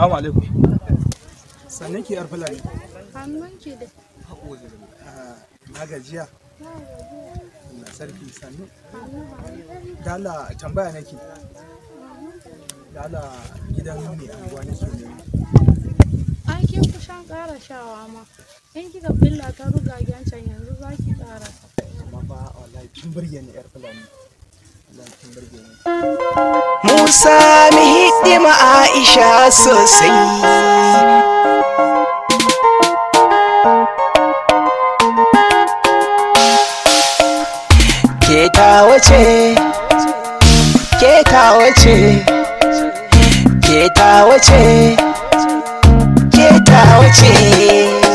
Assalamu alaikum. Sannan ki yar fulani. Hannun da. Na gajiya. na sarki sannu. Dala tambaya nake. Dala gidan mai anguwa nake ne. Ai kin ku shan ƙara shawa ma. In kika billa ta ruga can yanzu za ki ƙara. Amma ba wallahi kin burge ni yar fulani. Musa mi hidima Aisha sosai. ke tawo ce ke tawo ce ke tawo ce ke tawo ce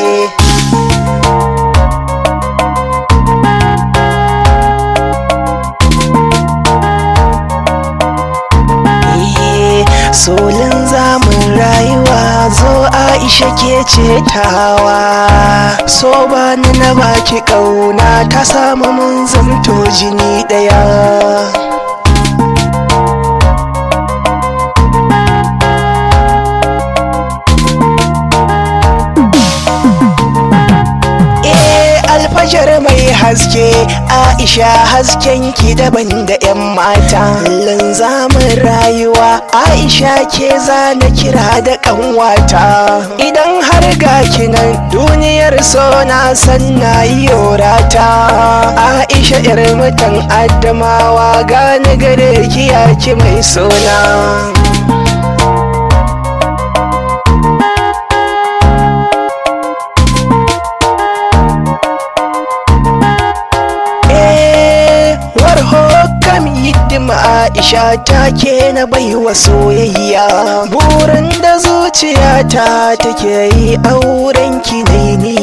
solin zamun rayuwa zo aisha ke ce tawa so bani na baki kauna ta samu mun zanto jini daya haske aisha hasken ki daban da yan mata zaman rayuwa aisha ke zana kira da kanwata idan har ga kinan duniyar so na san na yi yorata aisha yar mutan adamawa gane gare ki mai suna Aisha ta ke na baiwa soyayya burin da zuciyata take yi auren ki ne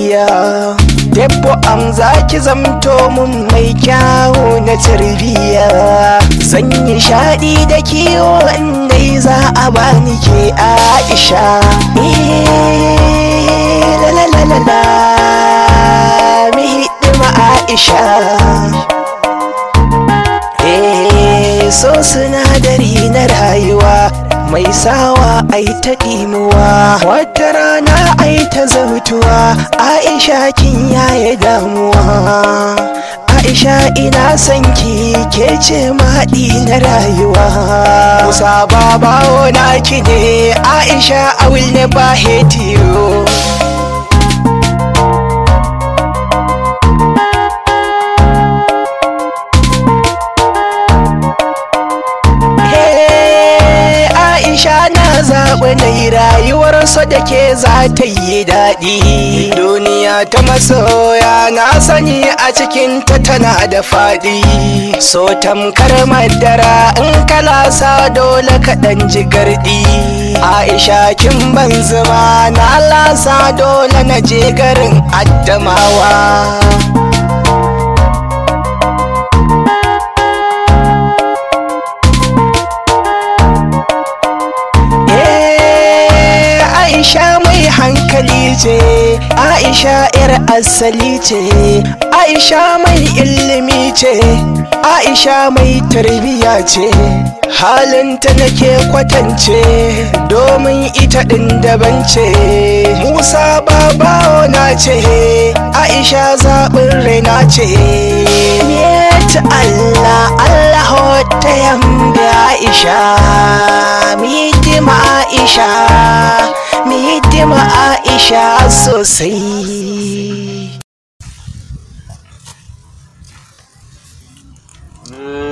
Debbo am za ki zamto mun mai kyawo na tarbiyya zan yi shaɗi da kiwo dai za a bani ke Aisha ni eh, la mai sawa ai ta ɗimuwa wata rana ai ta zautuwa aisha kin yaye damuwa aisha ina son ki ke ce maɗi na rayuwa musa babawo ki ne aisha awil ne ba hetiyo zaɓi na yi rayuwarsa da ke za ta yi daɗi duniya ta masoya na sani a cikin ta tana da faɗi so tamkar madara in kalasa dole kaɗan ji garɗi aisha kin ban zuma na lasa dole na je garin addamawa ce aisha yar asali ce aisha mai ilimi ce aisha mai tarbiya ce halinta nake kwatance domin ita ɗin daban ce musa babawo na ce aisha zaɓin raina ce ta Allah Allah ta yambe Aisha mi hidima Aisha mi hidima Aisha sha sosai eh,